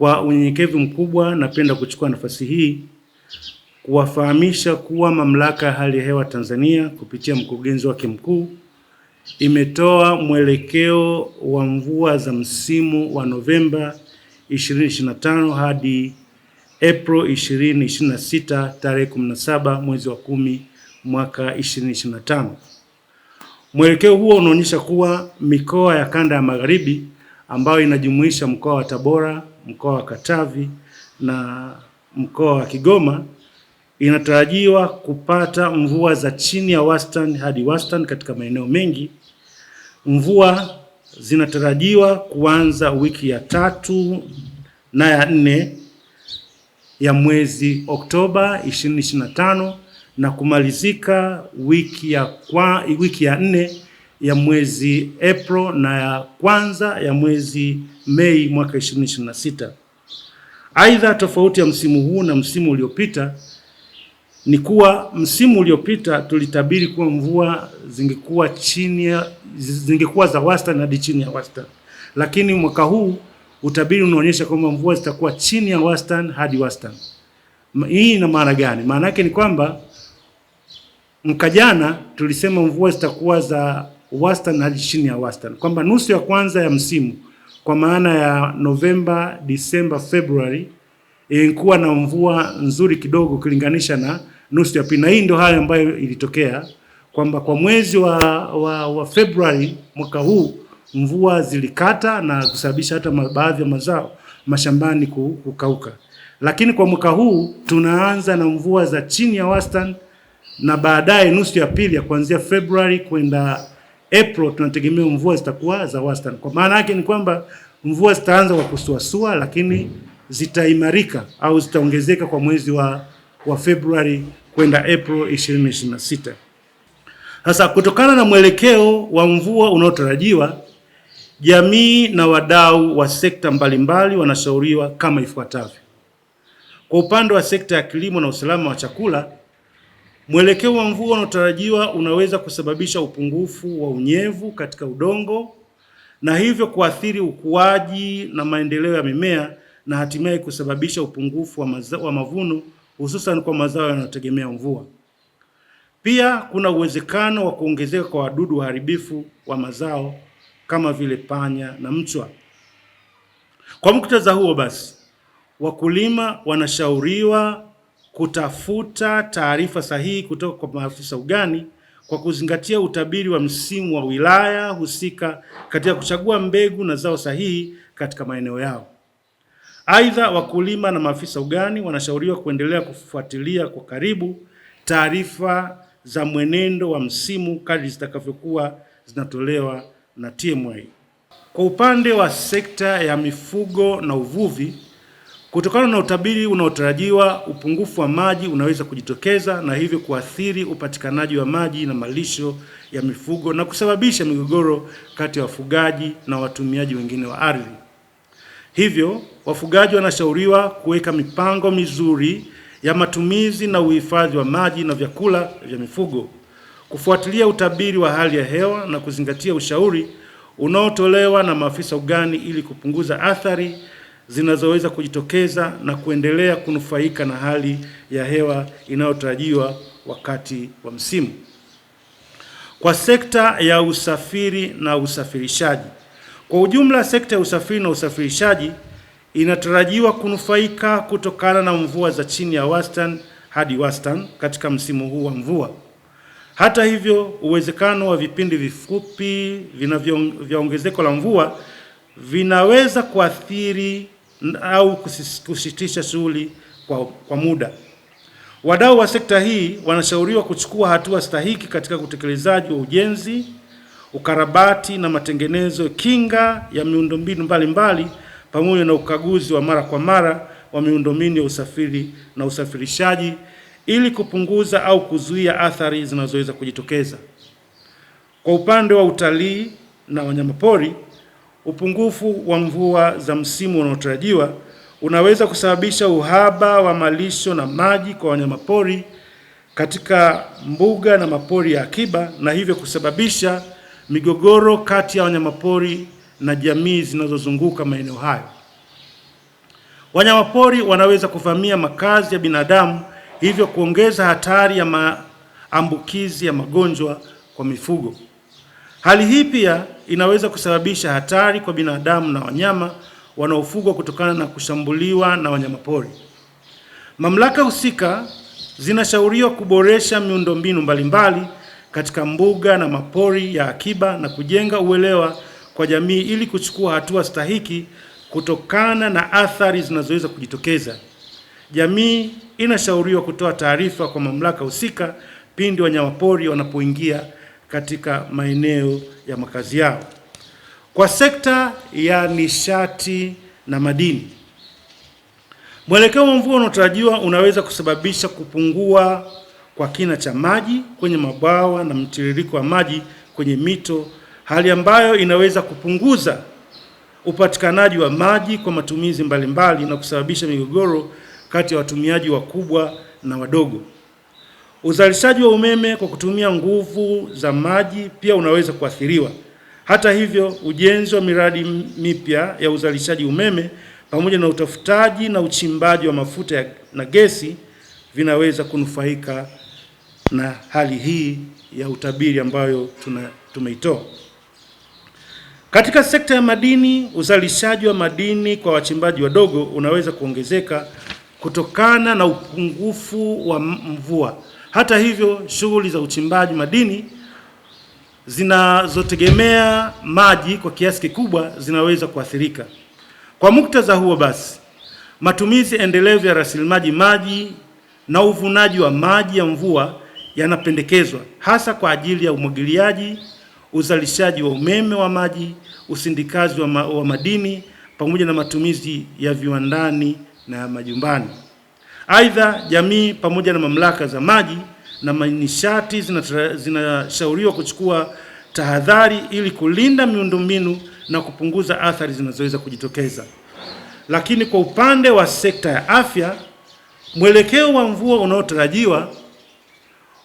Kwa unyenyekevu mkubwa, napenda kuchukua nafasi hii kuwafahamisha kuwa Mamlaka ya Hali ya Hewa Tanzania kupitia mkurugenzi wake mkuu imetoa mwelekeo wa mvua za msimu wa Novemba 2025 hadi April 2026 tarehe 17 mwezi wa kumi mwaka 2025. Mwelekeo huo unaonyesha kuwa mikoa ya kanda ya magharibi ambayo inajumuisha mkoa wa Tabora, mkoa wa Katavi na mkoa wa Kigoma inatarajiwa kupata mvua za chini ya wastani hadi wastani katika maeneo mengi. Mvua zinatarajiwa kuanza wiki ya tatu na ya nne ya mwezi Oktoba 2025 na kumalizika wiki ya, kwa, wiki ya nne ya mwezi April na ya kwanza ya mwezi Mei mwaka 2026. Aidha, tofauti ya msimu huu na msimu uliopita ni kuwa msimu uliopita tulitabiri kuwa mvua zingekuwa chini ya zingekuwa za wastani hadi chini ya wastani, lakini mwaka huu utabiri unaonyesha kwamba mvua zitakuwa chini ya wastani hadi wastani. Hii ina maana gani? Maana yake ni kwamba mkajana tulisema mvua zitakuwa za wastani hadi chini ya wastani, kwamba nusu ya kwanza ya msimu kwa maana ya Novemba, Disemba, Februari ilikuwa na mvua nzuri kidogo ukilinganisha na nusu ya pili, na hii ndio hali ambayo ilitokea kwamba kwa mwezi wa, wa, wa Februari mwaka huu mvua zilikata na kusababisha hata baadhi ya mazao mashambani kukauka, lakini kwa mwaka huu tunaanza na mvua za chini ya wastani na baadaye nusu ya pili ya kuanzia Februari kwenda April tunategemea mvua zitakuwa za wastani. Kwa maana yake ni kwamba mvua zitaanza kwa kusuasua, lakini zitaimarika au zitaongezeka kwa mwezi wa, wa Februari kwenda April 2026. Sasa kutokana na mwelekeo wa mvua unaotarajiwa, jamii na wadau wa sekta mbalimbali wanashauriwa kama ifuatavyo. Kwa upande wa sekta ya kilimo na usalama wa chakula Mwelekeo wa mvua unaotarajiwa unaweza kusababisha upungufu wa unyevu katika udongo na hivyo kuathiri ukuaji na maendeleo ya mimea na hatimaye kusababisha upungufu wa, mazao, wa mavuno hususan kwa mazao yanayotegemea mvua. Pia kuna uwezekano wa kuongezeka kwa wadudu waharibifu wa mazao kama vile panya na mchwa. Kwa muktadha huo basi, wakulima wanashauriwa kutafuta taarifa sahihi kutoka kwa maafisa ugani kwa kuzingatia utabiri wa msimu wa wilaya husika katika kuchagua mbegu na zao sahihi katika maeneo yao. Aidha, wakulima na maafisa ugani wanashauriwa kuendelea kufuatilia kwa karibu taarifa za mwenendo wa msimu kadri zitakavyokuwa zinatolewa na TMA. Kwa upande wa sekta ya mifugo na uvuvi Kutokana na utabiri unaotarajiwa, upungufu wa maji unaweza kujitokeza na hivyo kuathiri upatikanaji wa maji na malisho ya mifugo na kusababisha migogoro kati ya wafugaji na watumiaji wengine wa ardhi. Hivyo, wafugaji wanashauriwa kuweka mipango mizuri ya matumizi na uhifadhi wa maji na vyakula vya mifugo, kufuatilia utabiri wa hali ya hewa na kuzingatia ushauri unaotolewa na maafisa ugani ili kupunguza athari zinazoweza kujitokeza na kuendelea kunufaika na hali ya hewa inayotarajiwa wakati wa msimu. Kwa sekta ya usafiri na usafirishaji kwa ujumla, sekta ya usafiri na usafirishaji inatarajiwa kunufaika kutokana na mvua za chini ya wastani hadi wastani katika msimu huu wa mvua. Hata hivyo, uwezekano wa vipindi vifupi vya ongezeko la mvua vinaweza kuathiri au kusitisha shughuli kwa, kwa muda. Wadau wa sekta hii wanashauriwa kuchukua hatua stahiki katika utekelezaji wa ujenzi, ukarabati na matengenezo kinga ya miundombinu mbalimbali pamoja na ukaguzi wa mara kwa mara wa miundombinu ya usafiri na usafirishaji ili kupunguza au kuzuia athari zinazoweza kujitokeza. Kwa upande wa utalii na wanyamapori upungufu wa mvua za msimu unaotarajiwa unaweza kusababisha uhaba wa malisho na maji kwa wanyamapori katika mbuga na mapori ya akiba na hivyo kusababisha migogoro kati ya wanyamapori na jamii zinazozunguka maeneo hayo. Wanyamapori wanaweza kuvamia makazi ya binadamu, hivyo kuongeza hatari ya maambukizi ya magonjwa kwa mifugo. Hali hii pia inaweza kusababisha hatari kwa binadamu na wanyama wanaofugwa kutokana na kushambuliwa na wanyamapori. Mamlaka husika zinashauriwa kuboresha miundombinu mbalimbali katika mbuga na mapori ya akiba na kujenga uelewa kwa jamii ili kuchukua hatua stahiki kutokana na athari zinazoweza kujitokeza. Jamii inashauriwa kutoa taarifa kwa mamlaka husika pindi wanyamapori wanapoingia katika maeneo ya makazi yao. Kwa sekta ya nishati na madini, mwelekeo wa mvua unaotarajiwa unaweza kusababisha kupungua kwa kina cha maji kwenye mabwawa na mtiririko wa maji kwenye mito, hali ambayo inaweza kupunguza upatikanaji wa maji kwa matumizi mbalimbali mbali na kusababisha migogoro kati ya watumiaji wakubwa na wadogo. Uzalishaji wa umeme kwa kutumia nguvu za maji pia unaweza kuathiriwa. Hata hivyo, ujenzi wa miradi mipya ya uzalishaji umeme pamoja na utafutaji na uchimbaji wa mafuta ya, na gesi vinaweza kunufaika na hali hii ya utabiri ambayo tuna, tumeitoa. Katika sekta ya madini, uzalishaji wa madini kwa wachimbaji wadogo unaweza kuongezeka kutokana na upungufu wa mvua. Hata hivyo, shughuli za uchimbaji madini zinazotegemea maji kwa kiasi kikubwa zinaweza kuathirika. Kwa muktadha huo basi, matumizi endelevu ya rasilimali maji na uvunaji wa maji ya mvua yanapendekezwa hasa kwa ajili ya umwagiliaji, uzalishaji wa umeme wa maji, usindikaji wa, ma wa madini pamoja na matumizi ya viwandani na majumbani. Aidha, jamii pamoja na mamlaka za maji na nishati zinashauriwa kuchukua tahadhari ili kulinda miundombinu na kupunguza athari zinazoweza kujitokeza. Lakini kwa upande wa sekta ya afya, mwelekeo wa mvua unaotarajiwa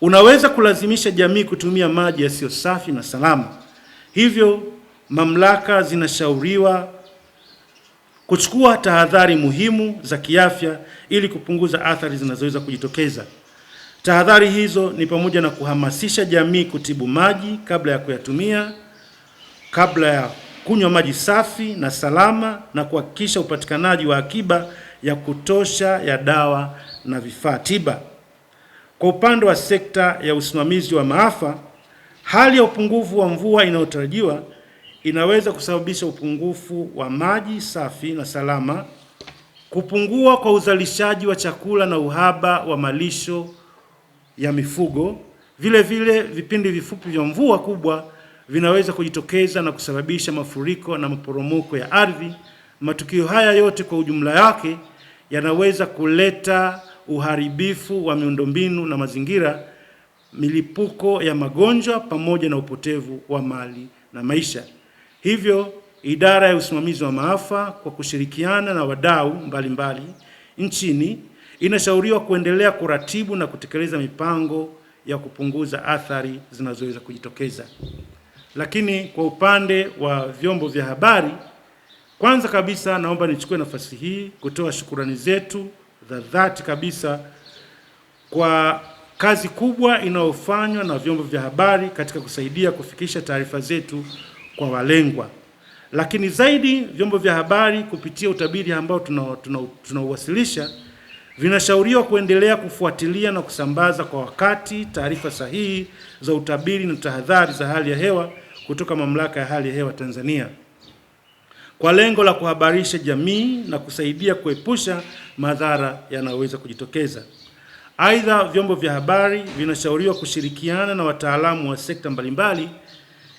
unaweza kulazimisha jamii kutumia maji yasiyo safi na salama. Hivyo, mamlaka zinashauriwa kuchukua tahadhari muhimu za kiafya ili kupunguza athari zinazoweza kujitokeza. Tahadhari hizo ni pamoja na kuhamasisha jamii kutibu maji kabla ya kuyatumia, kabla ya kunywa maji safi na salama, na kuhakikisha upatikanaji wa akiba ya kutosha ya dawa na vifaa tiba. Kwa upande wa sekta ya usimamizi wa maafa, hali ya upungufu wa mvua inayotarajiwa inaweza kusababisha upungufu wa maji safi na salama, kupungua kwa uzalishaji wa chakula na uhaba wa malisho ya mifugo. Vile vile vipindi vifupi vya mvua kubwa vinaweza kujitokeza na kusababisha mafuriko na maporomoko ya ardhi. Matukio haya yote kwa ujumla yake yanaweza kuleta uharibifu wa miundombinu na mazingira, milipuko ya magonjwa pamoja na upotevu wa mali na maisha. Hivyo, idara ya usimamizi wa maafa kwa kushirikiana na wadau mbalimbali nchini inashauriwa kuendelea kuratibu na kutekeleza mipango ya kupunguza athari zinazoweza kujitokeza. Lakini kwa upande wa vyombo vya habari, kwanza kabisa naomba nichukue nafasi hii kutoa shukurani zetu za dhati kabisa kwa kazi kubwa inayofanywa na vyombo vya habari katika kusaidia kufikisha taarifa zetu kwa walengwa, lakini zaidi vyombo vya habari kupitia utabiri ambao tunauwasilisha tuna, vinashauriwa kuendelea kufuatilia na kusambaza kwa wakati taarifa sahihi za utabiri na tahadhari za hali ya hewa kutoka Mamlaka ya Hali ya Hewa Tanzania kwa lengo la kuhabarisha jamii na kusaidia kuepusha madhara yanayoweza kujitokeza. Aidha, vyombo vya habari vinashauriwa kushirikiana na wataalamu wa sekta mbalimbali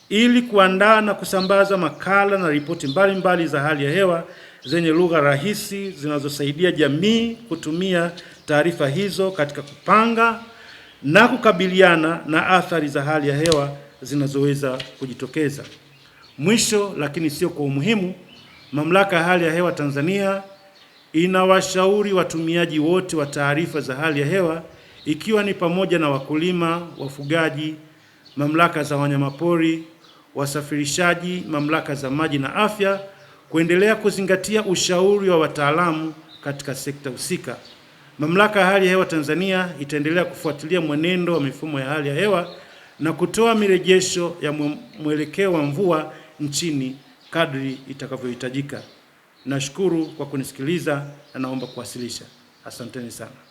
ili kuandaa na kusambaza makala na ripoti mbalimbali za hali ya hewa zenye lugha rahisi zinazosaidia jamii kutumia taarifa hizo katika kupanga na kukabiliana na athari za hali ya hewa zinazoweza kujitokeza. Mwisho lakini sio kwa umuhimu, Mamlaka ya Hali ya Hewa Tanzania inawashauri watumiaji wote wa taarifa za hali ya hewa ikiwa ni pamoja na wakulima, wafugaji, mamlaka za wanyamapori wasafirishaji, mamlaka za maji na afya kuendelea kuzingatia ushauri wa wataalamu katika sekta husika. Mamlaka ya hali ya hewa Tanzania itaendelea kufuatilia mwenendo wa mifumo ya hali ya hewa na kutoa mirejesho ya mwelekeo wa mvua nchini kadri itakavyohitajika. Nashukuru kwa kunisikiliza na naomba kuwasilisha. Asanteni sana.